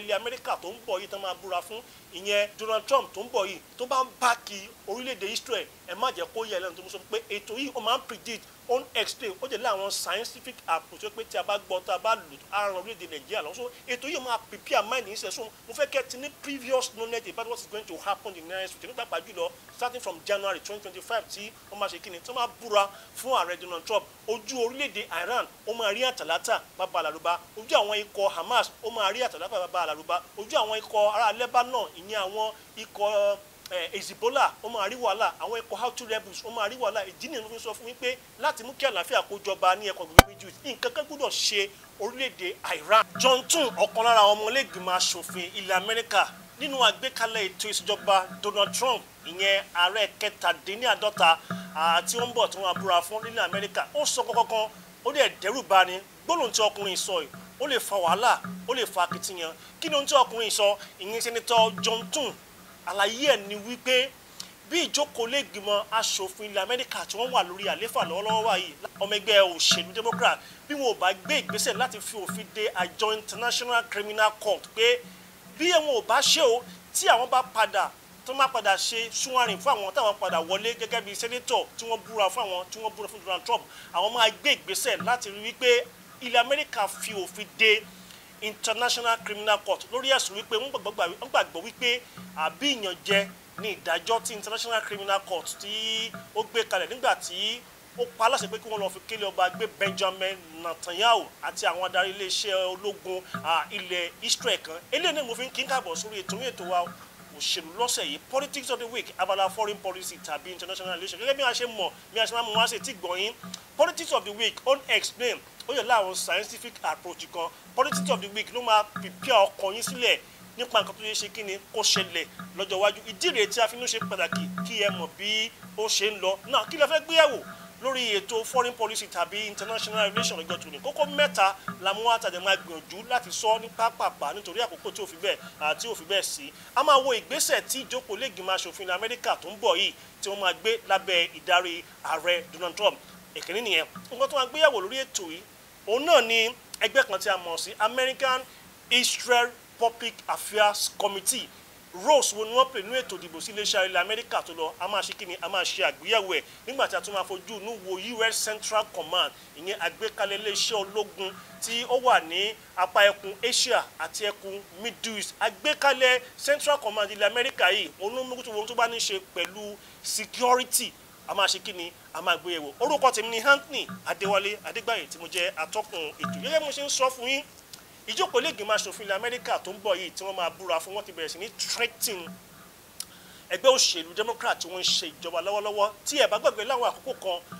ilẹ̀ amẹ́ríkà tó ń bọ̀ yìí tó máa búra fún ìyẹn Donald Trump tó ń bọ̀ yìí tó bá ń bá orílẹ̀-èdè Israel ẹ má jẹ́ kó yẹ lẹ́nu tó ń sọ pé ètò yìí ó máa ń predict ó explain ó jẹ́ láwọn scientific approach pé tí a bá gbọ́ tá a bá lò á orílẹ̀-èdè nàìjíríà lọ́wọ́ so ètò yìí máa prepare mind yìí sẹ́sùn mo fẹ́ kẹ́ ti ní previous knowledge about what is going to happen in the next week nípa pàjùlọ starting from January 2025. twenty five tí wọ́n máa ṣe kí ni tí wọ́n máa búra fún ààrẹ Donald Trump ojú orílẹ̀-èdè Iran ó máa rí àtàlátà bàbá àlàrúbá ojú àwọn ikọ̀ Hamas ó máa rí àtàlátà bàbá àlàrúbá ojú àwọn ikọ̀ ará Lebanon ìyẹn àwọn ikọ̀ Eh, Hezbollah ó máa rí wàhálà àwọn ẹ̀kọ́ Houthi rebels ó máa rí wàhálà ìdí nìyẹn ló fi sọ fún mi pé láti mú kí àlàáfíà kó jọba ní ẹ̀kọ́ gbogbo Egypt nǹkan kan gbọ́dọ̀ ṣe orílẹ̀-èdè Iran. Johnson ọ̀kan lára àwọn ọmọlẹ́gbìmọ̀ asòfin ilẹ̀ Amẹ́ríkà nínú àgbékalẹ̀ ètò ìṣèjọba Donald Trump ìyẹn ààrẹ kẹtàdínláàdọ́ta àti ó ń bọ̀ tí wọ́n abúra fún nílẹ̀ Amẹ́ríkà ó sọ kọ́kọ́kan ó dẹ̀ dẹ́rù bani gbólóhùn tí ọkùnrin sọ yìí ó lè fa wàhálà ó lè fa akitiyan kí ni ohun tí ọkùnrin sọ ìyẹn sẹ́nitọ́ John Thune àlàyé ẹ̀ ni wípé bí ìjókòó lè gbìmọ̀ asòfin ilẹ̀ amẹ́ríkà tí wọ́n wà lórí àléfà lọ́wọ́lọ́wọ́ wáyé ọmọ ẹgbẹ́ òṣèlú democrat bí wọn ò bá gbé ìgbésẹ̀ láti fi òfin de àjọ international criminal court pé bí wọn ò bá ṣe o tí àwọn bá padà tó máa padà ṣe súnwárìn fún àwọn táwọn padà wọlé gẹ́gẹ́ bí sẹ́nẹ́tọ̀ tí wọ́n búra fún àwọn tí wọ́n búra fún Donald Trump àwọn máa gbé ìgbésẹ̀ láti rí wípé ilẹ̀ amẹ́ríkà fi òfin de international criminal court lórí ẹ̀sùn wípé wọ́n gbàgbọ́ wípé àbí ìyànjẹ ni ìdájọ́ tí international criminal court tí ó gbé kalẹ̀ nígbà tí ó pa aláṣẹ pé kí wọ́n lọ fi kélé ọba gbé Benjamin Netanyahu àti àwọn adarí iléeṣẹ́ ológun ilẹ̀ Israel kan eléyìí ni mo fi ń kí n káàbọ̀ sórí ètò orí ètò wa òṣèlú lọ́sẹ̀ yìí politics of the week abala foreign policy tàbí international relations gẹ́gẹ́ bí a ṣe mọ̀ bí a ṣe máa mú wá sí ti gbọ̀nyín politics of the week unexplained ó yẹ láwọn scientific approach kan politics of the week ló máa pìpìà ọkàn yín sílẹ̀ nípa nǹkan tó yẹ ṣe kí ni kó ṣẹlẹ̀ lọ́jọ́ iwájú ìdí rèé tí a fi ń ṣe pàtàkì kí ẹ mọ̀ bí ó ṣe ń lọ náà kí lẹ fẹ́ gbé yẹ̀wò lórí ètò foreign policy tàbí international relations ọjọ́ tòní kókó mẹ́ta la mú àtàdé máa gbìyànjú láti sọ ní pápápá nítorí àkókò tí ò fi bẹ́ẹ̀ àti ò fi bẹ́ẹ̀ sí a máa wo ìgbésẹ̀ tí ìjókòó lẹ́gbìmọ̀ aṣòfin amẹ́ríkà tó ń bọ̀ yìí tí wọ́n máa gbé lábẹ́ ìdarí ààrẹ Donald Trump èkínní nìyẹn nǹkan tó máa gbéyàwó lórí ètò yìí òun náà ni ẹgbẹ́ kan tí a mọ̀ sí American Israel Public Affairs Committee rose wo ni wọ́n pè ní ètò ìdìbò sí iléeṣẹ́ ilẹ̀ Amẹ́ríkà tó lọ a máa ṣe kíni a máa ṣe àgbéyẹ̀wò ẹ̀ nígbà tí a tún máa fojú inú wo US Central Command ìyẹn àgbékalẹ̀ iléeṣẹ́ ológun tí ó wà ní apá ẹkùn Asia àti ẹkùn Middle East àgbékalẹ̀ Central Command ilẹ̀ Amẹ́ríkà yìí onúmọ́kútù ohun tó bá ní ṣe pẹ̀lú security a máa ṣe kí ni a máa gbé yẹ̀wò orúkọ tèmi ni Anthony Adéwálé Adégbáyé tí mo jẹ́ atọ́kùn ètò gẹ́gẹ́ mo ṣe ń sọ fún yín ìjókòó lẹ́gbìmọ̀ aṣòfin ilẹ̀ Amẹ́ríkà tó ń bọ̀ yìí tí wọ́n máa búra fún wọn ti bẹ̀rẹ̀ sí ní threatening ẹgbẹ́ òṣèlú Democrat tí wọ́n ń ṣe ìjọba lọ́wọ́lọ́wọ́ tí ẹ̀ bá gbàgbé láwọn àkókò kan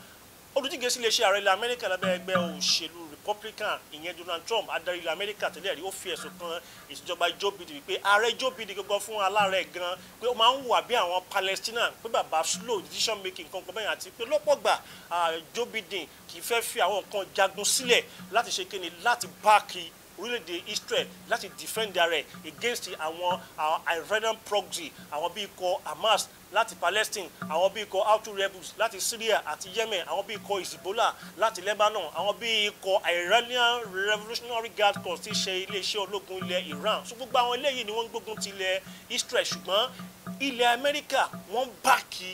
olùdíje sí iléeṣẹ́ ààrẹ ilẹ̀ Amẹ́ríkà lábẹ́ ẹgbẹ́ òṣèlú republican ìyẹn donald trump adarí ilẹ̀ amẹ́ríkà tẹ́lẹ̀ rí ó fi ẹ̀sùn kan ìṣèjọba joe biden wípé ààrẹ joe biden gangan fún aláàrẹ gan pé ó máa ń wà bí àwọn palestina pé bàbá slow decision making kan kan bẹ́yìn àti pé lọ́pọ̀ gbà joe biden kì í fẹ́ fi àwọn nǹkan jagun sílẹ̀ láti ṣe kíni láti bá orílẹ̀-èdè Israel láti defend their rẹ̀ against àwọn Iranian proxy àwọn bíi ikọ̀ Hamas láti Palestine àwọn bíi ikọ̀ Houthi rebels láti Syria àti Yemen àwọn bíi ikọ̀ Hezbollah láti Lebanon àwọn bíi ikọ̀ Iranian Revolutionary Guard Corps ti ṣe iléeṣẹ́ ológun ilẹ̀ Iran so gbogbo àwọn eléyìí ni wọ́n ń gbógun ti ilẹ̀ Israel ṣùgbọ́n ilẹ̀ Amẹ́ríkà wọ́n báàkì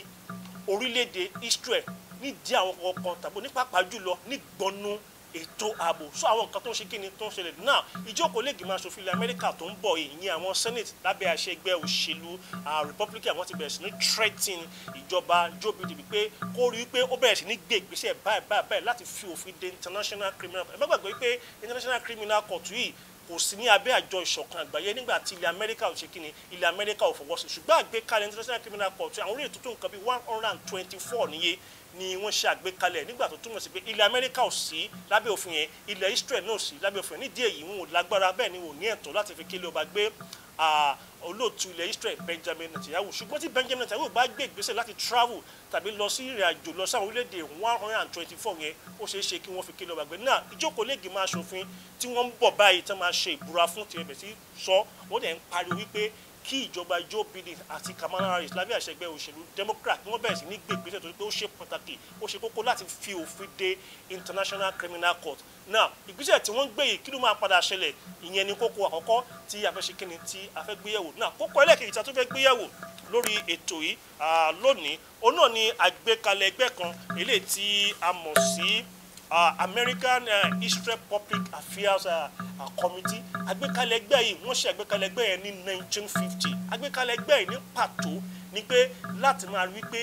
orílẹ̀-èdè Israel nídìí àwọn kọ̀ọ̀kan tàbí nípàpà jùlọ nígbọnú ètò ààbò sọ àwọn nǹkan tó ń ṣe kí ni tó ń ṣẹlẹ̀ náà ìjókòó lè gbìmọ̀ aṣòfin ilẹ̀ amẹ́ríkà tó ń bọ̀ ìyẹn àwọn senate lábẹ́ àṣẹ ẹgbẹ́ òṣèlú republican wọ́n ti bẹ̀rẹ̀ sí ní threatening ìjọba joe biden wípé kó rí wípé ó bẹ̀rẹ̀ sí ní gbé ìgbésẹ̀ báyìí báyìí báyìí láti fi òfin de international criminal court ẹ má gbàgbé wípé international criminal court yìí kò sí ní abẹ́ àjọ ìṣọ̀kan àgbáyé nígbà tí ilẹ̀ amẹ́ríkà ò ṣe kí ni ilẹ̀ amẹ́ríkà ò fọwọ́ sí ṣùgbọ́n àgbékalẹ̀ international criminal court àwọn orí ètò tó nǹkan bíi one hundred and twenty-four níye ni wọ́n ṣe àgbékalẹ̀ nígbà tó túmọ̀ sí pé ilẹ̀ amẹ́ríkà ò sí lábẹ́ òfin yẹn ilẹ̀ israel náà ò sí lábẹ́ òfin yẹn nídìí èyí wọn ò lágbára bẹ́ẹ̀ ni wọn ò ní ẹ̀tọ́ láti fi kílé ọba gbé olóòtú ilẹ̀ israel benjamin netanyahu ṣùgbọ́n tí benjamin netanyahu bá gbé ìgbésẹ̀ láti travel tàbí lọ sí ìrìn àjò lọ sáwọn orílẹ̀-èdè one hundred and twenty-four yẹn ó ṣeé ṣe kí wọ́n fi kílé ọba gbé náà ìjókòó lẹ́gìí máa ṣòfin tí wọ́n ń bọ̀ báyìí tán máa ṣe ìbúra fún tiẹ̀ sí sọ wọ́n dẹ̀ ń pariwo wípé kí ìjọba Joe Biden àti Kamala Harris lábẹ́ àṣẹgbẹ́ òṣèlú Democrat wọ́n bẹ̀rẹ̀ sí ní gbé ìgbésẹ̀ tó ní pé ó ṣe pàtàkì ó ṣe kókó láti fi òfin de International Criminal Court now ìgbésẹ̀ tí wọ́n ń gbé yìí kí ló máa padà ṣẹlẹ̀ ìyẹn ni kókó àkọ́kọ́ tí a fẹ́ ṣe kíni tí a fẹ́ gbéyẹ̀wò now kókó ẹlẹ́kejì tí a tún fẹ́ gbéyẹ̀wò lórí ètò yìí lónìí òun náà ni àgbékalẹ̀ ẹgbẹ́ kan eléyìí tí a mọ̀ sí uh, American uh, Israel Public Affairs uh, uh, Committee àgbékalẹ̀ ẹgbẹ́ yìí wọ́n ṣe àgbékalẹ̀ ẹgbẹ́ yẹn ní 1950 àgbékalẹ̀ ẹgbẹ́ yìí ní pàtó ni pé láti máa rí pé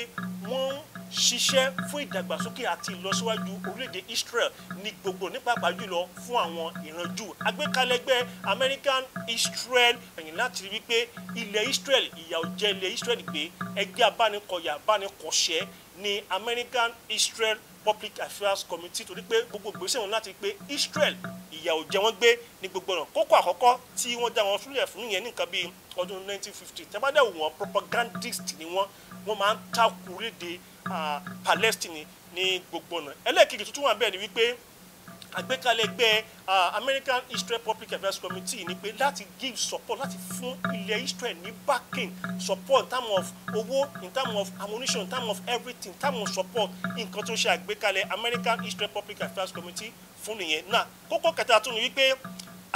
wọ́n ń ṣiṣẹ́ fún ìdàgbàsókè àti ìlọsíwájú orílẹ̀-èdè Israel ní gbogbo ní pàápàá jùlọ fún àwọn ìran Júù àgbékalẹ̀ American Israel ẹ̀yìn láti rí wípé ilẹ̀ Israel ìyà ò jẹ ilẹ̀ Israel gbé ẹgbẹ́ abánikọ̀yà abánikọ̀ṣẹ́ ní American Israel public affairs committee torí pé gbogbo ìgbésẹ̀ wọn láti pé Israel ìyà ò jẹ wọ́n gbé ní gbogbo ọ̀nà kókó àkọ́kọ́ tí wọ́n dá wọn sílẹ̀ fún yẹn ní nǹkan bíi ọdún 1950 tẹ́bádẹ́ wò propagandist ni wọ́n wọ́n máa ń takùrédè Palestine ní gbogbo ọ̀nà ẹlẹ́ẹ̀kejì tuntun wà bẹ́ẹ̀ ni wípé àgbékalẹ̀ ẹgbẹ́ American Israel Public Affairs Committee ni pé láti give support láti fún ilẹ̀ Israel ní backing support in terms of owó in terms of ammunition in terms of everything in terms of support nǹkan tó ṣe àgbékalẹ̀ American Israel Public Affairs Committee fún nìyẹn náà kókó kẹta tó ní wípé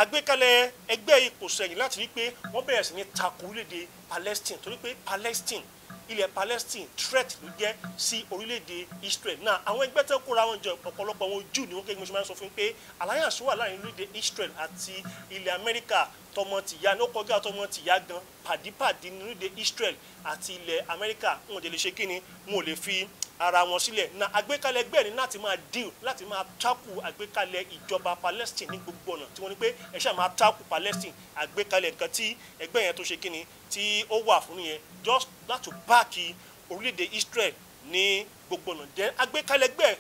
àgbékalẹ̀ ẹgbẹ́ ipò sẹ́yìn láti rí pé wọ́n bẹ̀rẹ̀ sí ní takò orílẹ̀-èdè Palestine torí pé Palestine ilẹ̀ Palestine threat ló jẹ́ sí orílẹ̀-èdè Israel náà àwọn ẹgbẹ́ tó kóra wọn jọ ọ̀pọ̀lọpọ̀ wọn Júù ni wọ́n kéwọn ṣe máa ń sọ fún pé alliance wà láàrin orílẹ̀-èdè Israel àti ilẹ̀ Amẹ́ríkà tọmọ tìyá ní ó kọjá tọmọ tìyá gan pàdípàdé ní orílẹ̀-èdè Israel àti ilẹ̀ Amẹ́ríkà wọn ò lè ṣe kíni wọn ò lè fi ara wọn sílẹ̀ na àgbékalẹ̀ ẹgbẹ́ ní láti máa deal láti máa takù àgbékalẹ̀ ìjọba Palestine ní gbogbo ọ̀nà tí wọ́n ní pé ẹ ṣáà máa takù Palestine àgbékalẹ̀ nǹkan tí ẹgbẹ́ yẹn tó ṣe kíni tí ó wà fún yẹn just láti báàkì orílẹ̀-èdè Israel ní gbogbo ọ̀nà then àgbékalẹ̀ ẹgbẹ́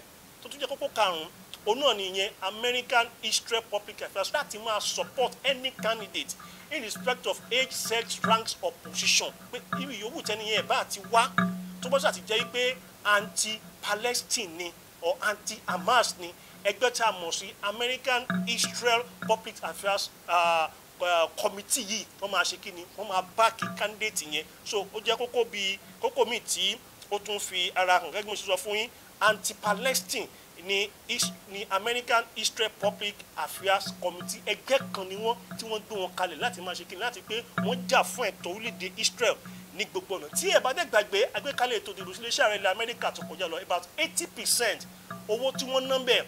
tó tún jẹ́ kókó karùn-ún òun náà nìyẹn American Israel Public Affairs láti máa support any candidate in respect of age sex ranks or position pé irú yòówù tẹ́niyẹn bá ti wá tó bá ṣàti jẹ́ pé anti-Palestine ni or anti-Hamas ni ẹgbẹ́ tá a mọ̀ sí American Israel Public Affairs uh, uh, Committee yìí wọ́n máa ṣe kí ni wọ́n máa báàkì candidate yẹn so ó jẹ́ kókó bíi kókó míì tí ó tún fi ara hàn gẹ́gẹ́ bí mo ṣe sọ fún yín anti-Palestine ni ni American Israel Public Affairs Committee ẹgbẹ́ kan ni wọ́n tí wọ́n gbé wọn kalẹ̀ láti máa ṣe kí ni láti pé wọ́n jà fún ẹ̀tọ́ orílẹ̀-èdè Israel ní gbogbo ọ̀nà tí ẹ bá dẹ̀ gbàgbé àgbékalẹ̀ ètò ìdìbò sílé iṣẹ́ ààrẹ ilẹ̀ amẹ́ríkà tó kọjá lọ about eighty percent owó tí wọ́n ná bẹ̀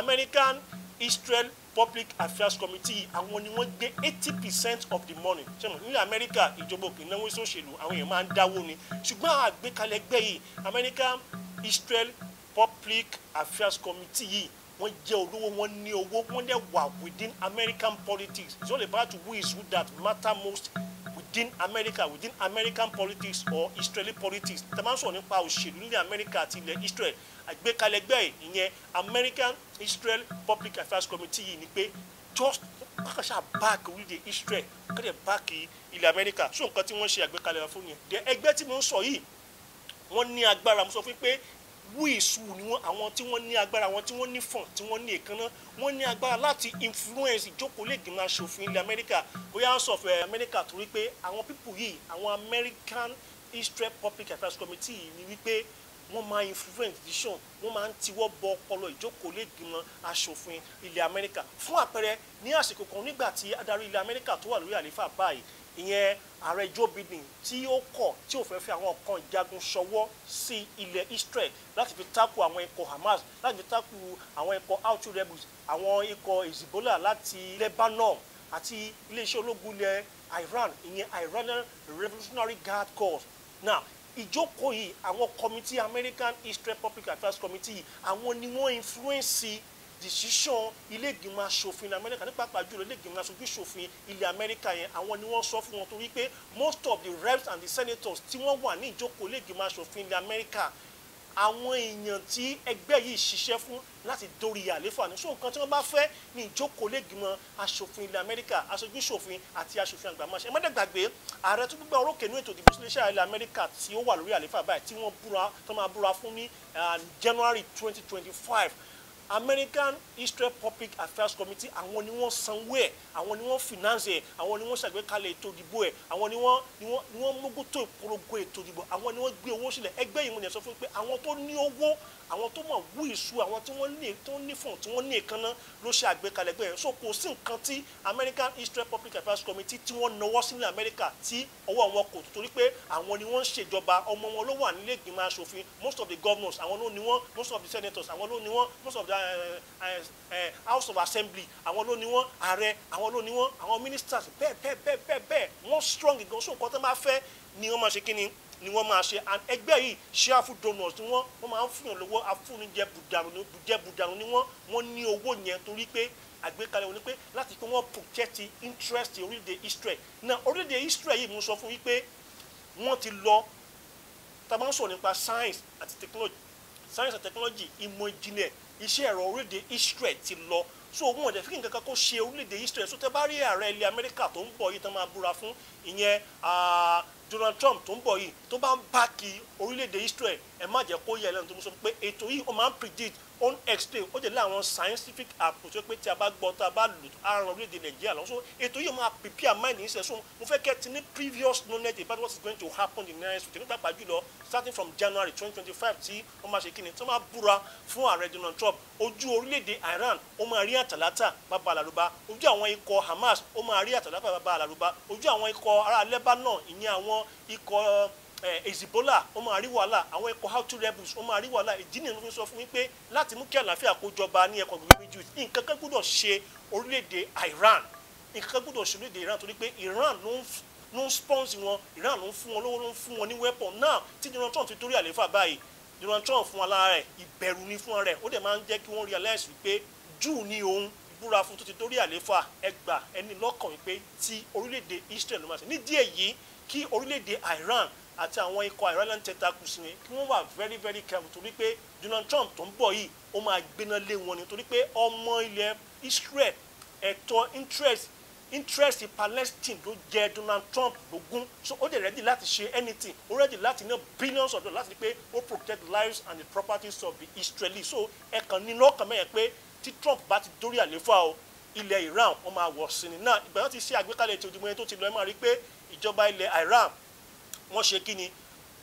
American Israel Public Affairs Committee àwọn ni wọ́n gbé eighty percent of the money ṣẹ́nu ní amẹ́ríkà ìjọba òkè náwó sóṣèlú àwọn èèyàn máa ń dáwó ni ṣùgbọ́n àgbékalẹ̀ ẹgbẹ́ yìí American Israel Public Affairs Committee yìí wọ́n jẹ́ olówó wọ́n ní owó wọ́n dẹ̀ wà within American politics it's all about who is who that matter most within America within American politics or Israeli politics tẹ́lẹ̀ sọ̀rọ̀ nípa òṣèlú nílẹ̀ America àti ilẹ̀ Israel àgbékalẹ̀gbẹ́ ìyẹn American Israel Public Affairs Committee yìí ni pé just kàkàṣà báàkì orílẹ̀ Israel kàkàṣà báàkì ilẹ̀ America so nǹkan tí wọ́n ṣe àgbékalẹ̀ fún yẹn ẹgbẹ́ tí mo ń sọ yìí wọ́n ní agbára mo sọ fún pé wíìsù ni wọn àwọn tí wọ́n ní agbára àwọn tí wọ́n ní fọ̀n tí wọ́n ní èékánná wọ́n ní agbára láti influence ìjókòó lè gbìmọ̀ aṣòfin ilẹ̀ amẹ́ríkà bóyá house of eh, america torí pé àwọn pípù yìí àwọn american history public affairs committee ni wípé wọ́n máa influence decision wọ́n máa ń tiwọ́ bọ ọpọlọ ìjókòó lẹ́gbìmọ̀ asòfin ilẹ̀ amẹ́ríkà fún àpẹẹrẹ ní àsìkò kan nígbà tí adarí ilẹ̀ amẹ́ríkà tó wà lórí àlééfà báyìí ìyẹn ààrẹ joe biden tí ó kọ̀ tí ò fẹ́ fi àwọn kan jagun ṣọwọ́ sí ilẹ̀ israel láti fi takò àwọn ikọ̀ hamas láti fi takò àwọn ikọ̀ outrage rebels àwọn ikọ̀ hezbollah láti lebanon àti iléeṣẹ́ ológun ilẹ̀ iran ìyẹn iranian revolutionary guard corps now ìjókòó yìí àwọn committee American History Public Affairs Committee yìí àwọn ni wọ́n influence decision ilé ìgbìmọ̀ asòfin Amẹ́ríkà ní pàápàá jùlọ ilé ìgbìmọ̀ aṣojú ìṣòfin ilẹ̀ Amẹ́ríkà yẹn àwọn ni wọ́n sọ fún wọn torí pé most of the reps and the senators tí wọ́n wà ní ìjókòó ilé ìgbìmọ̀ asòfin ilẹ̀ Amẹ́ríkà àwọn èèyàn tí ẹgbẹ́ yìí ṣiṣẹ́ fún láti dórí àléfà ní ṣòkan tí wọ́n bá fẹ́ ní ìjókòó lẹ́gbìmọ̀ aṣòfin ilẹ̀ amẹ́ríkà aṣojú ṣòfin àti aṣòfin àgbà máṣe ẹ má dẹ̀ gbàgbé ààrẹ tó gbígbà orókè ní ètò ìdìbò síléṣẹ́ ilẹ̀ amẹ́ríkà tí ó wà lórí àléfà báyìí tí wọ́n búra tó máa búra fún ní ah, January twenty twenty five American Israel Public Affairs Committee àwọn ni wọ́n sanwó ẹ̀ àwọn ni wọ́n finance ẹ̀ àwọn ni wọ́n ṣàgbékalẹ̀ ètò ìdìbò ẹ̀ àwọn ni wọ́n ni wọ́n ni wọ́n mógútó ìpolongo ètò ìdìbò àwọn ni wọ́n gbé owó sílẹ̀ ẹgbẹ́ yìí mo ní ẹ̀ sọ fún mi pé àwọn tó ní owó àwọn tó mọ̀ wú ìṣú àwọn tí wọ́n ní tó ní fún tí wọ́n ní ìkànnà ló ṣe àgbékalẹ̀ gbẹ̀yẹn so kò sí nǹkan tí American history, Public Affairs Committee tí wọ́n nawọ́ sí ní Amẹ́ríkà tí ọwọ́ wọn kò torí pé àwọn ni wọ́n ń ṣèjọba ọmọ wọn ló wà nílé ìgbìmọ̀ asòfin most of the governors àwọn ló ní wọn most of the senators àwọn ló ní wọn most of the eh, eh, eh, house of assembly àwọn ló ní wọn ààrẹ àwọn ló ní wọn àwọn ministers bẹ́ẹ̀ bẹ́ẹ̀ bẹ́ẹ̀ bẹ́ẹ̀ wọ́n strong gan so nǹkan tó máa fẹ́ ni wọ́n máa ni wọ́n máa ṣe and ẹgbẹ́ yìí ṣíàfù donors ni wọ́n wọ́n máa ń fún yàn lọ́wọ́ afúnijẹ bùdàrù ni bùjẹ bùdàrù ni wọ́n wọ́n ní owó yẹn torí pé àgbékalẹ̀ wọn ni pé láti pé wọ́n protect interest orílẹ̀-èdè Israel náà orílẹ̀-èdè Israel yìí mo sọ fún yín pé wọ́n ti lọ tá nípa science àti technology science and technology ìmọ̀ ìjìnlẹ̀ iṣẹ́ ẹ̀rọ orílẹ̀-èdè Israel ti lọ so wọn ò dẹ̀ fi kí nǹkan kan kó ṣe orílẹ̀-èdè Israel so tẹ bá rí ààrẹ ilẹ̀ Amẹ́ríkà tó ń bọ̀ yìí tán máa búra fún ìyẹn ah, Donald Trump tó ń bọ̀ yìí tó bá ń bá kí orílẹ̀-èdè Israel ẹ má jẹ́ kó yẹ ẹlẹ́nu tó ń sọ pé ètò yìí ó máa ń predict On ń explain ó jẹ́ láwọn scientific approach pé tí a bá gbọ́ tá a bá lò àrùn orílẹ̀-èdè nàìjíríà lọ́sọ ètò yìí máa prepare mind yìí sẹ́sùn mo fẹ́ kẹ́ ti ní previous knowledge about what is going to happen in the next week nípa jùlọ starting from january twenty twenty five tí wọ́n máa ṣe kí ni tí wọ́n máa búra fún ààrẹ donald trump ojú orílẹ̀-èdè iran ó máa rí àtàlátà bàbá àlàrúbá ojú àwọn ikọ̀ hamas ó máa rí àtàlátà bàbá àlàrúbá ojú àwọn ikọ̀ ará lebanon ìyẹn àwọn ikọ̀ Eh, Hezbollah ó máa rí wàhálà àwọn ẹ̀kọ́ Houthi rebels ó máa rí wàhálà ìdí nìyẹn ló fi sọ fún mi pé láti mú kí àlàáfíà kó jọba ní ẹ̀kọ́ gbogbo méjì nǹkan kan gbọ́dọ̀ ṣe orílẹ̀-èdè Iran nǹkan kan gbọ́dọ̀ ṣe orílẹ̀-èdè Iran torí pé Iran ló ń ló ń sponsor wọn Iran ló ń fún wọn lówó ló ń fún wọn ní weapon náà tí Donald Trump ti torí àlééfà báyìí Donald Trump fún alára rẹ̀ ìbẹ̀rù ni fún rẹ̀ ó dẹ̀ máa ń jẹ́ kí wọ́n realize wípé Júù ni òun búra fún tó ti torí àlééfà ẹgbà ẹni lọ́kàn wípé ti orílẹ̀-èdè Israel ló máa ṣe nídìí èyí kí orílẹ̀-èdè Iran àti àwọn ikọ̀ Iranian tentacles yẹn kí wọ́n wà very very careful torí pé Donald Trump tó ń bọ̀ yìí ó máa gbéná lé wọn ni torí pé ọmọ ilẹ̀ Israel ẹ̀tọ́ interest interest in Palestine ló jẹ Donald Trump lógún so ó dẹ̀ ready láti ṣe anything ó ready láti ná billions of dollars láti pé ó protect lives and the properties of the Israeli. so ẹ kàn ní lọ́kàn mẹ́yẹn pé tí Trump bá ti dórí àléfà o ilẹ̀ Iran wọ́n máa wọ̀ sí ni náà ìgbà wọn ti ṣe àgbékalẹ̀ ètò ìdìbò yẹn tó ti lọ ẹ máa rí i pé ìjọba ilẹ̀ Iran wọ́n ṣe kí ni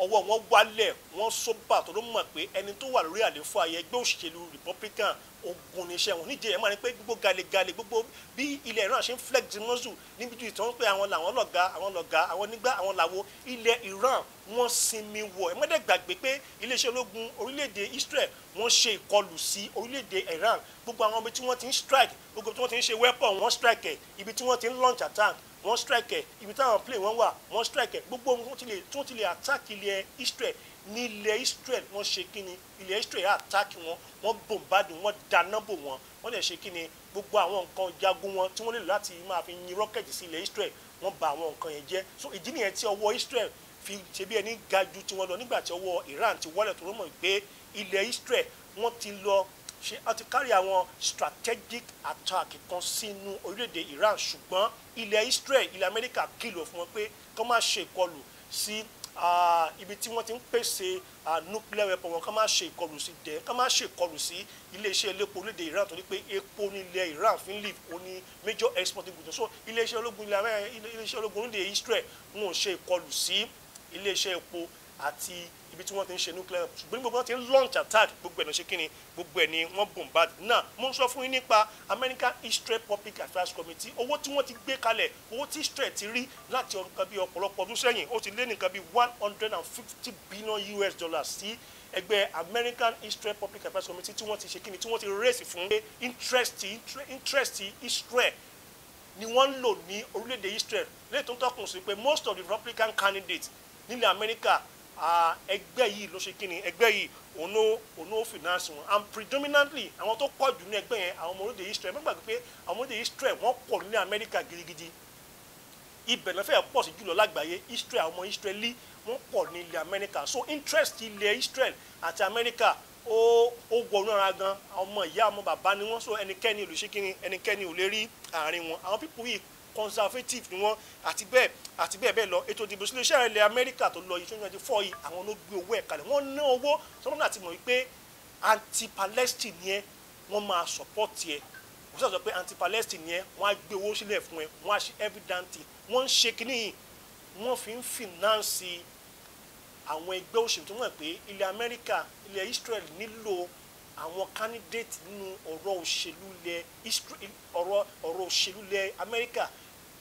ọwọ́ wọn wálẹ̀ wọ́n sóbà tó ló mọ̀ pé ẹni tó wà lórí àléfọ ẹgbẹ́ òṣèlú republican ogun níṣẹ́ wọn níjẹ́ ẹ̀ máa ní pé gbogbo galegale gbogbo bí ilẹ̀ Iran ṣe ń flex muscle níbi ju ìtàn pé àwọn làwọn lọ̀gá àwọn lọ̀gá àwọn nígbà àwọn làwo ilẹ̀ Iran wọ́n sinmi wọ̀ ẹ̀ mọ́dẹ̀ gbàgbé pé iléeṣẹ́ ológun orílẹ̀-èdè Israel wọ́n ṣe ìkọlù sí orílẹ̀-èdè Iran gbogbo àwọn ibi tí wọ́n ti ń strike gbogbo tí wọ́n ti ń ṣe weapon wọ́n strike ẹ̀ ibi tí wọ́n ti ń launch attack wọ́n strike ẹ̀ ibi táwọn plane wọn wà wọ́n strike ẹ̀ gbogbo ohun tó ti lè attack ilẹ̀ Israel ní ilẹ̀ Israel wọ́n ṣe kí ni ilẹ̀ Israel attack wọn wọ́n bombard wọ́n dáná bò wọ́n wọ́n lè ṣe kí ni gbogbo àwọn nǹkan jagun wọn tí wọ́n lè lò láti máa fi yin rọ́kẹ̀tì sí ilẹ̀ Israel wọ́n bà àwọn nǹkan yẹn jẹ́ so ìdí nìyẹn tí ọwọ́ Israel fi ṣe bí ẹni ga ju tiwọn lọ nígbà tí ọwọ́ Iran ti wọlé tó rọ́mọ̀ pé ilẹ̀ Israel wọ́n ti lọ ṣe a ti kárí àwọn strategic attack kan sínú orílẹ̀-èdè Iran ṣùgbọ́n ilẹ̀ Israel ilẹ̀ Amẹ́ríkà kìlọ̀ fún wọn pé kán má ṣe ìkọlù sí ibi tí wọ́n ti ń pèsè nuclear weapon wọn kán má ṣe ìkọlù sí dẹ̀ kán má ṣe ìkọlù sí iléeṣẹ́ elépo orílẹ̀-èdè Iran torí pé epo nílẹ̀ Iran fi ń lè oní major exporting goods so iléeṣẹ́ ológun ilẹ̀ iléeṣẹ́ ológun orílẹ̀-èdè Israel wọn ò ṣe ìkọlù sí iléeṣẹ́ epo àti ibi tí wọ́n ti ń ṣe nuclear ṣùgbọ́n gbogbo wọn ti ń launch attack gbogbo ẹ̀ lọ ṣe kí ni gbogbo ẹ̀ ni wọ́n bombard náà mo ń sọ fún yín nípa American Israel Public Affairs Committee owó tí wọ́n ti gbé kalẹ̀ owó tí Israel ti rí láti nǹkan bí ọ̀pọ̀lọpọ̀ ọdún sẹ́yìn ó ti lé nǹkan bí one hundred and fifty billion US dollars sí ẹgbẹ́ American Israel Public Affairs Committee tí wọ́n ti ṣe kí ni tí wọ́n ti raise fún interest interest Israel ni wọ́n ń lò ní orílẹ̀-èdè Israel lẹ́yìn tó ń tọ́kùn sí pé most of the Republican candidates nílẹ̀ America ẹgbẹ́ yìí ló ṣe kíni ẹgbẹ́ yìí òun ló finance wọn and predominantly àwọn tó pọ̀ jù ní ẹgbẹ́ yẹn àwọn ọmọ orílẹ̀ Israel mẹ́gbàá pé àwọn orílẹ̀ Israel wọ́n pọ̀ ní Amẹ́ríkà gidigidi ibẹ̀ náà fẹ́ẹ́ pọ̀ sí jùlọ lágbàáyé Israel àwọn ọmọ Israeli wọ́n pọ̀ ní ilẹ̀ Amẹ́ríkà so interest ilẹ̀ Israel àti Amẹ́ríkà ó ó wọnú ara gan ọmọ ìyá ọmọ bàbá ni wọ́n so ẹnikẹ́ni olùṣèkínni ẹnikẹ́ni ò lè rí àárín wọn àwọn pípọ̀ yìí conservative ni wọ́n àti bẹ́ẹ̀ àti bẹ́ẹ̀ bẹ́ẹ̀ lọ ètò ìdìbò sílé iṣẹ́ ilẹ̀ amẹ́ríkà tó lọ yìí twenty twenty four yìí àwọn ló gbé owó ẹ̀ kalẹ̀ wọ́n ná owó sọ́mọ́nà àti mọ̀ wípé anti-palestine yẹn wọ́n máa support yẹ wọ́n sọ pé anti-palestine yẹn wọ́n á gbé owó sílẹ̀ fún ẹ wọ́n á ṣe evidence wọ́n ń ṣe kínní yìí wọ́n fi ń finance àwọn ẹgbẹ́ òṣèlú tó mọ̀ pé ilẹ̀ amẹ́ríkà ilẹ̀ israel nílò àwọn candidate nínú ọ̀rọ̀ òṣèlú ilẹ̀ ọ̀rọ̀ òṣèlú ilẹ̀ amẹ́ríkà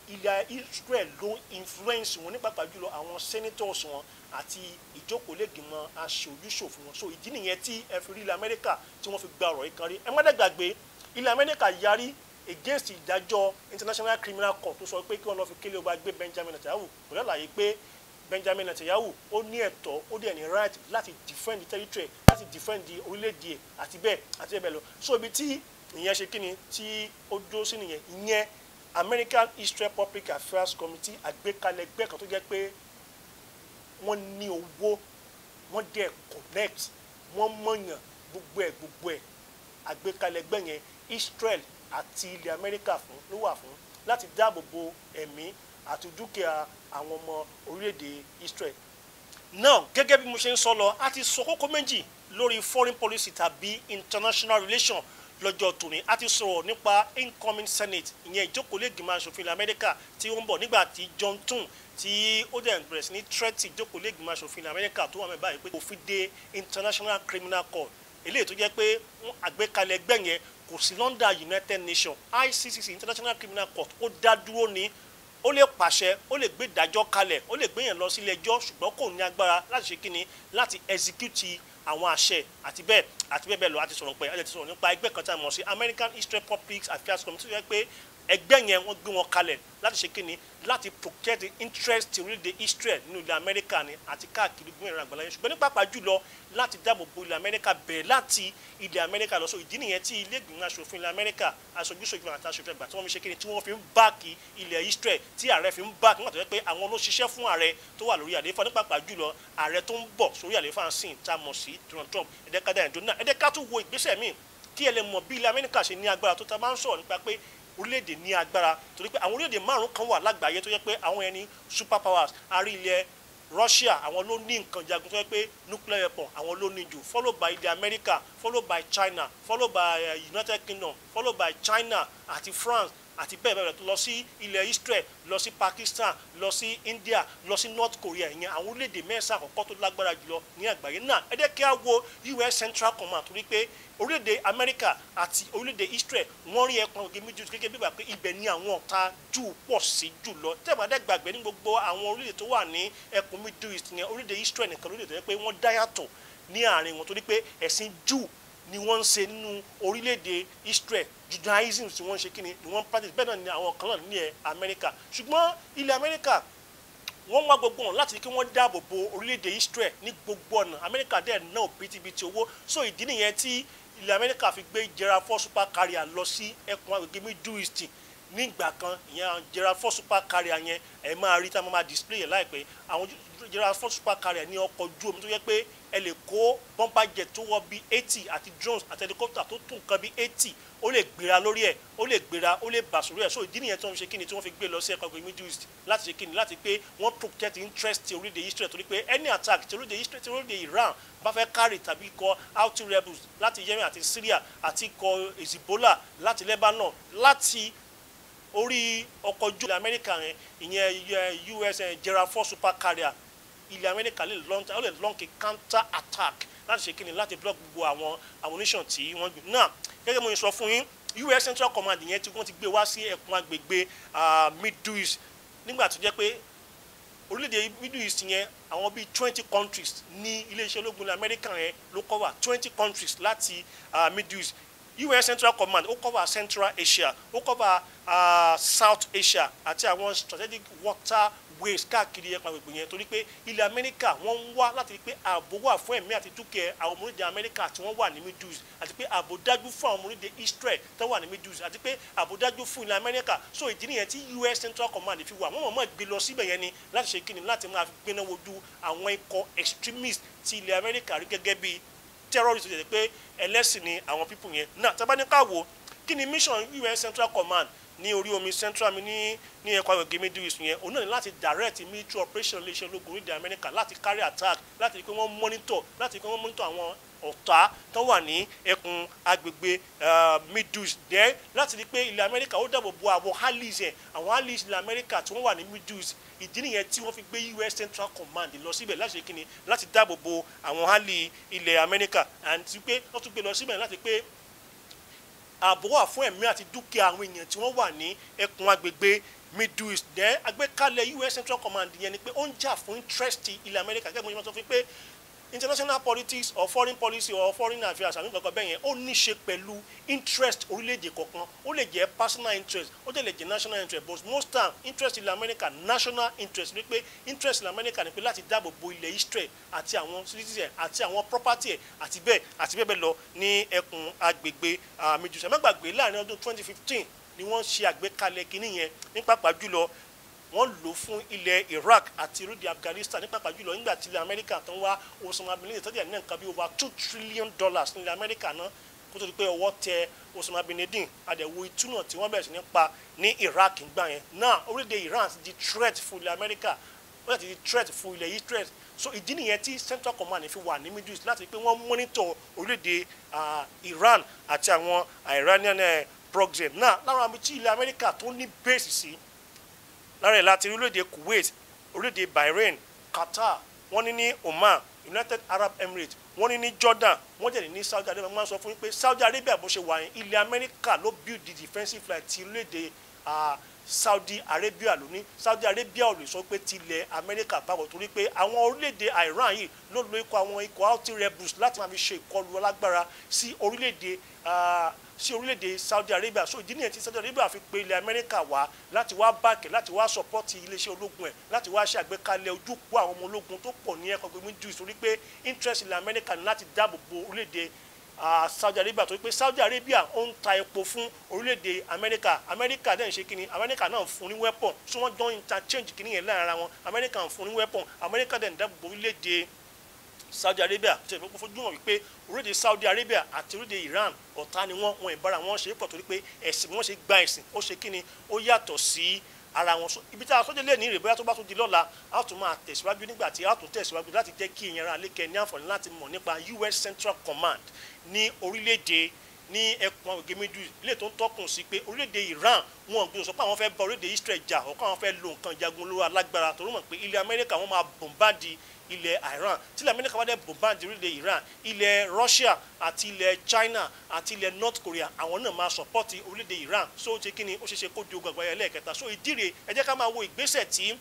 ilẹ̀ Israel ló influence wọn ní pàápàá jùlọ àwọn senators wọn àti ìjókòólégìmọ̀ aṣojúṣòfin wọn so ìdí nìyẹn tí ẹ fi rí ilẹ̀ Amẹ́ríkà tí wọ́n fi gba ọ̀rọ̀ yìí kan rí ẹ má dàgbàgbé ilẹ̀ Amẹ́ríkà yarí against ìdájọ́ International Criminal Court tó sọ pé kí wọ́n lọ fi kélé ọba gbé Benjamin Netanyahu pẹ̀lú àlàyé pé Benjamin Netanyahu ó ní ẹ̀tọ́ ó dẹ̀ ní right láti defend the territory láti defend the orílẹ̀-èdè àti bẹ́ẹ̀ àti bẹ́ẹ̀ lọ so ibi tí ìyẹn ṣe kí ni tí ó dúró sí nìyẹn ìyẹn American Israel Public Affairs Committee àgbékalẹ̀ ẹgbẹ́ kan tó jẹ́ pé wọ́n ní owó wọ́n dẹ̀ connect wọ́n mọ̀yàn gbogbo ẹ̀ gbogbo ẹ̀ àgbékalẹ̀ ẹgbẹ́ yẹn Israel àti ilẹ̀ America fún ló wà fún láti dáàbò bo ẹ̀mí àti dúkìá àwọn ọmọ orílẹ̀-èdè Israel now gẹ́gẹ́ bí mo ṣe ń sọ lọ a ti sọ kókó méjì lórí foreign policy tàbí international relations lọ́jọ́ tòní a ti sọ̀rọ̀ nípa incoming senate ìyẹn ìjókòó lè gbìmọ̀ asòfin ilẹ̀ amẹ́ríkà tí ó ń bọ̀ nígbà tí Johnson tí ó dẹ̀ bẹ̀rẹ̀ sí ní tírẹ́tì ìjókòó lè gbìmọ̀ asòfin ilẹ̀ amẹ́ríkà tó wà báyìí pé òfin de international criminal court eléyìí tó jẹ́ pé àgbékalẹ̀ ẹgbẹ́ yẹn kò sí london united nations ICC international criminal court ó dá dúró ní ó lè pàṣẹ ó lè gbé ìdájọ́ kalẹ̀ ó lè gbé yẹn lọ sílé ẹjọ́ ṣùgbọ́n kò ní agbára láti ṣe kíni láti execute àwọn àṣẹ àti bẹ́ẹ̀ àti bẹ́ẹ̀ bẹ́ẹ̀ lọ àti sọ̀rọ̀ pé ẹ̀ ti sọ̀rọ̀ nípa ẹgbẹ́ kan tí a mọ̀ sí American History Public Affairs Committee tó yẹ pé ẹgbẹ́ yẹn wọ́n gbé wọn kalẹ̀ láti ṣe kíni láti protect the interest ti orílẹ̀-èdè Israel nínú ilẹ̀ Amẹ́ríkà ni àti káàkiri gbọ́n ìran àgbàlá yẹn ṣùgbọ́n ní pàápàá jùlọ láti dáàbò bo ilẹ̀ Amẹ́ríkà bẹ̀rẹ̀ láti ilẹ̀ Amẹ́ríkà lọ sọ ìdí nìyẹn tí ilé ìgbìmọ̀ asòfin ilẹ̀ Amẹ́ríkà aṣojúṣòfin àti aṣòfin àgbà tí wọ́n fi ṣe kíni tí wọ́n fi ń báàkì ilẹ̀ Israel tí ààrẹ fi ń báàkì nígbà tó yẹ pé àwọn olóṣiṣẹ́ fún ààrẹ tó wà lórí àlééfà ní pàápàá jùlọ ààrẹ tó ń bọ̀ sórí àlééfà ń sìn tá a mọ̀ sí Donald Trump ẹ̀dẹ́kadà ẹ̀dọ́nà ẹ jẹ́ ká tún wo ìgbésẹ̀ míì kí ẹ lè mọ̀ bí ilẹ̀ amẹ́ríkà ṣe ní agbára tó ta máa ń sọ̀rọ̀ nípa pé orílẹ̀-èdè ní agbára torí pé àwọn orílẹ̀-èdè márùn-ún kan wà lágbàáyé tó yẹ pé àwọn ẹni super powers arí ilẹ̀ Russia àwọn ló ní nǹkan jagun tó yẹ pé nuclear weapon àwọn ló ní jù followed by ilẹ̀ America followed by China followed by eh, United Kingdom followed by China àti France àti bẹ́ẹ̀ bẹ́ẹ̀ lọ sí ilẹ̀ Israel lọ sí Pakistan lọ sí India lọ sí North Korea ìyẹn àwọn orílẹ̀-èdè mẹ́sàn àkọ́kọ́ tó lágbára jùlọ ní àgbáyé náà ẹ jẹ́ kí a wo US Central Command torí pé orílẹ̀-èdè Amẹ́ríkà àti orílẹ̀-èdè Israel wọ́n rí ẹ̀pọ̀n ògè méjì gẹ́gẹ́ bí wà pé ibẹ̀ ni àwọn ọ̀tá jù pọ̀ sí jùlọ tẹ́gbàdẹ́gbàgbẹ́ ní gbogbo àwọn orílẹ̀-èdè tó wà ní ẹkùn Middle East ní orílẹ̀-èdè Israel nìkan orílẹ̀-èdè tó yẹ pé wọ́n dá yàtọ̀ ní àárín wọn torí pé ẹ̀sìn Júù ni wọ́n ń ṣe nínú orílẹ̀-èdè Israel Judaism tí wọ́n ń ṣe kíni ni wọ́n ń practice bẹ́ẹ̀ náà ni àwọn kan náà ní ẹ̀ Amẹ́ríkà ṣùgbọ́n ilẹ̀ Amẹ́ríkà wọ́n wá gbogbo ọ̀nà láti kí wọ́n dáàbò bo orílẹ̀-èdè Israel ní gbogbo ọ̀nà Amẹ́ríkà dẹ̀ náà bítíbitì owó so ìdí nìyẹn tí ilẹ̀ Amẹ́ríkà fi gbé ìjẹra fọ́ super carrier lọ sí ẹkùn agbègbè Middle East nígbà kan ìyẹn gerald ford super carrier yẹn ẹ máa rí tá máa display yẹn láìpẹ́ àwọn gerald ford super carrier ní ọkọ̀ ojú omi tó yẹ pé ẹ lè kó bọ́mbà jẹ tó wọ bíi eighty àti drones àti helicopter tó tó nǹkan bíi eighty ó lè gbéra lórí ẹ̀ ó lè gbéra ó lè bà sórí ẹ̀ so ìdí nìyẹn tí wọ́n fi ṣe kíni tí wọ́n fi gbé lọ sí ẹ̀kọ́ gbé middle east láti ṣe kíni láti pé wọ́n protect interest ti orílẹ̀ israel torí pé any attack ti orílẹ̀ israel ti orílẹ̀ iran bá fẹ́ carry tàbí kọ outing rebels láti yemen àti syria àti kọ hezbollah láti lebanon láti orí ọkọ̀ ojú ilẹ̀ amẹ́ríkà yẹn ìyẹn us eh, gerald ford super carrier ilẹ̀ amẹ́ríkà lè lọ́ntà ó lè lọ́nkì counter attack láti ṣe kíni láti block gbogbo àwọn ammunition tí wọ́n gbé náà gẹ́gẹ́ mo sọ fún yín us central command yẹn tí wọ́n ti gbé wá sí ẹkùn agbègbè middle east nígbà tó jẹ́ pé orílẹ̀-èdè middle east yẹn àwọn bíi twenty countries ní iléeṣẹ́ ológun ilẹ̀ amẹ́ríkà yẹn ló cover twenty countries láti middle east UN Central Command ó cover Central Asia ó cover uh, South Asia àti àwọn strategic water ways káàkiri ẹ̀ka gbogbo yẹn torí pé ilẹ̀ Amẹ́ríkà wọ́n ń wá láti rí pé ààbò wà fún ẹ̀mí àti dúkìá àwọn ọmọlẹ́dẹ̀ Amẹ́ríkà tí wọ́n wà ní Middle East àti pé ààbò dájú fún àwọn ọmọlẹ́dẹ̀ Israel tó wà ní Middle East àti pé ààbò dájú fún ilẹ̀ Amẹ́ríkà so ìdí nìyẹn tí US Central Command fi wà wọ́n mọ̀ mọ́ gbé lọ síbẹ̀ yẹn ni láti ṣe kíni láti máa gbéná wojú àwọn ikọ̀ extremist ti ilẹ̀ Amẹ́ríkà rí gẹ́gẹ́ bíi terrorist tó jẹ́ pé ẹlẹ́sìn ni àwọn people yẹn náà tá a bá ní ká wò kí ni mission UN Central Command ní orí omi central mi ní ní ẹ̀kọ́ àgbègbè middle east yẹn òun náà ní láti direct military operation iléeṣẹ́ ológun orílẹ̀ amẹ́ríkà láti carry attack láti rí pé wọ́n monitor láti rí pé wọ́n monitor àwọn ọ̀tá tó wà ní ẹkùn agbègbè uh, middle east dẹ́ láti rí pé ilẹ̀ amẹ́ríkà ó dáàbò bo àwọn allies yẹn àwọn allies ilẹ̀ amẹ́ríkà tí wọ́n wà ní middle ìdí nìyẹn tí wọ́n fi gbé us central command lọ síbẹ̀ láti ṣe kíni láti dáàbò bo àwọn allies ilẹ̀ amẹ́ríkà àti pé wọ́n tún gbé lọ síbẹ̀ láti pé ààbò wà fún ẹ̀mí àti dúkìá àwọn èèyàn tí wọ́n wà ní ẹkùn agbègbè middle east dẹ́ agbékalẹ̀ US Central Command yẹn ni pé ó ń jà fún interest ilẹ̀ Amẹ́ríkà gẹ́gẹ́ bí wọ́n sọ fún pé international politics or foreign policy or foreign affairs àbí nǹkan kan bẹ́ẹ̀ yẹn ó ní ṣe pẹ̀lú interest orílẹ̀-èdè kọ̀ọ̀kan ó lè jẹ́ personal interest ó lè jẹ́ national interest but most time interest ilẹ̀ America national interest ni pé interest ilẹ̀ America ni pé láti dáàbò bo ilẹ̀ Israel àti àwọn citizens àti àwọn property ẹ̀ àti bẹ́ẹ̀ àti bẹ́ẹ̀ bẹ́ẹ̀ lọ ní ẹkùn agbègbè àmì jùsẹ̀ mẹ́gbàgbé láàrin ọdún 2015 ni wọ́n ṣe àgbékalẹ̀ kínní yẹn ní pàápàá jùlọ wọ́n lò fún ilẹ̀ Iraq àti irúdi Afghanistan ní pàápàá jùlọ nígbà tí ilẹ̀ Amẹ́ríkà tó ń wá Osama bin Laden tọ́jà ní nǹkan bí over two trillion dollars ní ilẹ̀ Amẹ́ríkà náà kó tó di pé ọwọ́ tẹ Osama bin Laden àdẹ̀wò ìtúnà tí wọ́n bẹ̀rẹ̀ sí ní pa ní Iraq gbà yẹn náà orílẹ̀-èdè Iran ti di threat fún ilẹ̀ Amẹ́ríkà wọ́n ti di threat fún ilẹ̀ yìí threat so ìdí nìyẹn tí Central Command fi wà ní Middle East láti pé wọ́n mọ́nítọ̀ orílẹ̀-èdè Iran àti àwọn Iranian eh, proxy náà láwọn àmì tí ilẹ̀ Amẹ́ríkà tó ní bẹ́ẹ̀sì sí lára ẹ̀ láti orílẹ̀-èdè Kuwait orílẹ̀-èdè Bahrain Qatar wọ́n ní ní Oman United Arab Emirates wọ́n ní ní Jordan wọ́n jẹ̀dí ní Saudi Arabia wọ́n máa sọ fún yín pé Saudi Arabia bó ṣe wà yín ilẹ̀ Amẹ́ríkà ló build the defensive line ti orílẹ̀-èdè Saudi Arabia lóní Saudi Arabia ò lè sọ pé tilẹ̀ Amẹ́ríkà báwọ̀ torí pé àwọn orílẹ̀-èdè Iran yìí ló lo ikọ̀ àwọn ikọ̀ Houthi rebels láti máa fi ṣe ìkọlù alágbára sí orílẹ̀-èdè sí orílẹ̀-èdè Saudi Arabia so ìdí nìyẹn tí Saudi Arabia fi pe ilẹ̀ Amẹ́ríkà wá láti wá báàkì láti wá sọpọ́tì iléeṣẹ́ ológun ẹ̀ láti wá ṣe àgbékalẹ̀ ojú kó àwọn ọmọ ológun tó pọ̀ ní ẹ̀kọ́ gbẹmí jù sórí pé interest ilẹ̀ Amẹ́ríkà ní láti dáàbò bo orílẹ̀-èdè Ah, Saudi Arabia tó pé Saudi Arabia ó ń ta epo fún orílẹ̀-èdè Amẹ́ríkà Amẹ́ríkà náà ṣe kíni Amẹ́ríkà náà fún ní wẹ́pọ̀n tí wọ́n jọ interchange kíni yẹn lára wọn Amẹ́ríkà fún ní wẹ́pọ̀n Amẹ́ríkà dẹ̀ ń orílẹ̀-èdè Saudi Arabia tó yẹ kó fojú wípé orílẹ̀-èdè Saudi Arabia àti orílẹ̀-èdè Iran ọ̀tá ni wọ́n wọn ìbára wọn ṣe é pọ̀ torí pé ẹ̀sìn wọn ṣe gba ẹ̀sìn ó ṣe kíni ó yàtọ̀ sí ara wọn ibi tí a sọ́jọ́ lè ní ìrè bóyá tó bá tún di lọ́la a tún máa tẹ̀síwájú nígbà tí a tún tẹ̀síwájú láti jẹ́ kí ìyẹn ara lékè ní àǹfààní láti mọ̀ nípa US Central Command ní orílẹ̀-èdè ní ẹkùn ògèmídù ilé tó ń tọkùn sí pé orílẹ̀-èdè Iran wọn gbọ́dọ̀ sọ pé àwọn fẹ́ bá orílẹ̀-èdè Israel jà ọ̀kan àwọn fẹ́ lo nǹkan jagun olóró alágbára torí mọ̀ pé ilẹ̀ Amẹ́ríkà wọn máa bòǹbàdì ilẹ̀ Iran tí ilẹ̀ Amẹ́ríkà wá dẹ̀ bòǹbàdì orílẹ̀-èdè Iran ilẹ̀ Russia àti ilẹ̀ China àti ilẹ̀ North Korea àwọn náà máa sọ̀pọ́tì orílẹ̀-èdè Iran so ó ṣe kí ni ó ṣe ṣe kó di ogun àgbáyé ẹlẹ́ẹ̀kẹta so ìdíre ẹ jẹ́ ká máa wo ìgbésẹ̀ tí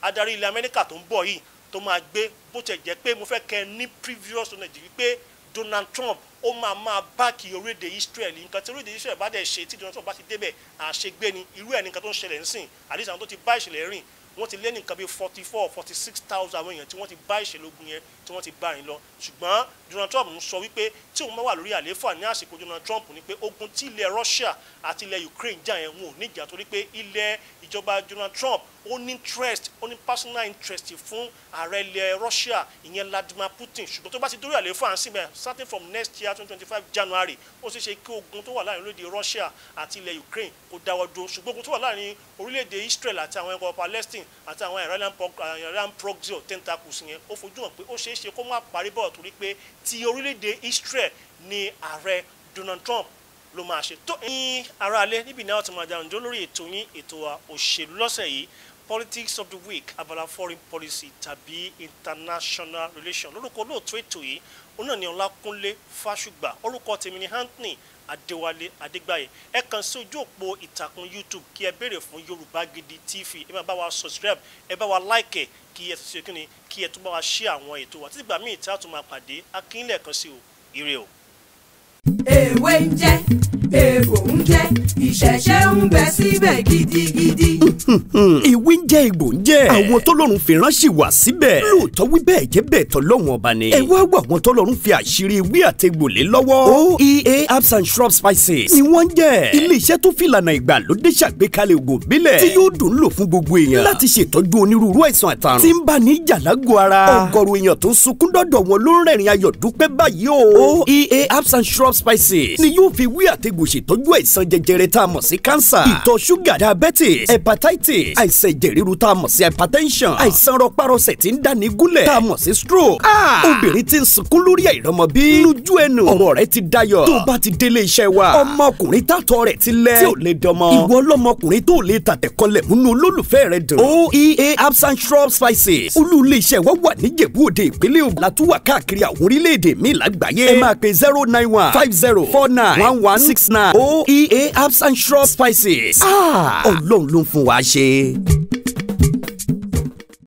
adarí ilẹ̀ Amẹ́ríkà tó ń bọ̀ yìí tó máa gbé bó ti jẹ́ pé mo fẹ́ kẹ́ ní previous knowledge Donald Trump ó máa máa báàkì orílẹ̀-èdè Israel nǹkan tí orílẹ̀-èdè Israel bá dẹ̀ ṣe tí ìdúró tó bá ti débẹ̀ àṣegbé ni irú ẹ̀ nìkan tó ń ṣẹlẹ̀ ńsìn àdéhùn àwọn tó ti bá ìṣẹ̀lẹ̀ rìn wọ́n ti lé ní nǹkan bíi forty four forty six thousand àwọn èèyàn tí wọ́n ti bá ìṣẹ̀lẹ̀ ogun yẹn tí wọ́n ti bá yín lọ ṣùgbọ́n Donald Trump ń sọ wípé tí òun bá wà lórí àlééfà ní àsìkò Donald Trump ni pé ogun tí ilẹ̀ Russia àti ilẹ̀ Ukraine jà yẹn wọn ò níjà torí pé ilẹ̀ ìjọba Donald Trump ó interest ó personal interest fún ààrẹ ilẹ̀ Russia ìyẹn Vladimir Putin ṣùgbọ́n tó bá ti dórí àlééfà à ń sìn starting from next year twenty twenty five January ó ṣeé ṣe kí ogun tó wà láàrin orílẹ̀-èdè Russia àti ilẹ̀ Ukraine kó dáwọ́ dúró ṣùgbọ́n ogun tó wà láàrin orílẹ̀-èdè Israel àti àwọn ẹ̀kọ́ Palestine àti àwọn Iranian proxy or tentacles yẹn ó fojú hàn pé ó ṣeé ṣe kó má parí bọ̀ torí pé ti orílẹ̀-èdè Israel ni ààrẹ Donald Trump ló máa ṣe tó ẹ̀yin aráalé níbi náà ti máa dáhùn dúró lórí ètò yín ètò wa òṣèlú lọ́sẹ̀ yìí politics of the week abala foreign policy tàbí international relations lórúkọ olóòtú ètò yìí òun náà ni ọlákúnlé fásùgbà orúkọ tèmi ni Anthony adéwálé adégbáyé ẹ kàn sí ojú òpó ìtàkùn youtube kí ẹ béèrè fún yorùbá gidi tv ẹ máa bá wa subscribe ẹ bá wa like ẹ kí ẹ tún kí ẹ tún bá wa share àwọn ètò wa títí gbà míì tí a tún máa pàdé akínlẹ̀ kan sí o ire o èwe ń jẹ́ èèbò ń jẹ́ ìṣẹ̀ṣẹ̀ ń bẹ síbẹ̀ gidigidi. ìwé ń jẹ́ egbò àwọn tọ́lọ́run fi ránṣẹ́ wá síbẹ̀. lóòótọ́ wí bẹ́ẹ̀ jẹ́ bẹ́ẹ̀ tọ́lọ́run ọba ni. ẹ wá wà wọn tọ́lọ́run fi àṣírí ewé àtẹgbòlé lọ́wọ́. oea herbs and shrub spices ni wọ́n ń jẹ́. iléeṣẹ́ tó fi ìlànà ìgbàlódé ṣàgbékalẹ̀ ògùn ìbílẹ̀. tí yóò dùn lò fún gbogbo èèyàn. láti ṣètọ́jú onírúurú àìsàn àtàrùn. tí ń bá ní jàlágò ara. ọ̀gọ̀rọ̀ èèyàn tó ń sunkún dọ̀dọ̀ wọn ló ń rẹ̀rìn ayọ̀ dúpẹ́ báyìí o. oea herbs and shrub spices ni yóò fi wí àtẹg oògùn ìṣètọ́jú àìsàn jẹjẹrẹ tá a mọ̀ sí cancer ìtọ̀ ṣúgà diabetes hepatitis àìsàn ẹ̀jẹ̀ ríru tá a mọ̀ sí hypertension àìsàn rọpárọsẹ̀ tí ń dáni gúnlẹ̀ tá a mọ̀ sí stroke ah! obìnrin tí ń sunkún lórí àìrọ́mọbí lójú ẹnu ọ̀rọ̀ rẹ̀ ti dayọ̀ tó bá ti délé iṣẹ́ wa ọmọkùnrin tàtọ̀ rẹ̀ ti lẹ̀ tí ò lè dọmọ ìwọ ọlọ́mọkùnrin tó lè tàtẹ̀kọlẹ̀ múnú olólùfẹ́ rẹ̀ dùn oea herbs and shrub spices olú iléeṣẹ́ wa wà níjẹ̀bú òde ìpínlẹ̀ Ògùn látúwà káàkiri àwọn orílẹ̀-èdè míì lágbàáyé ẹ máa pe zero nine one five zero four nine one one six nine oea herbs and shrub spices. Ah, ọlọ́run ló ń fún wa ṣe.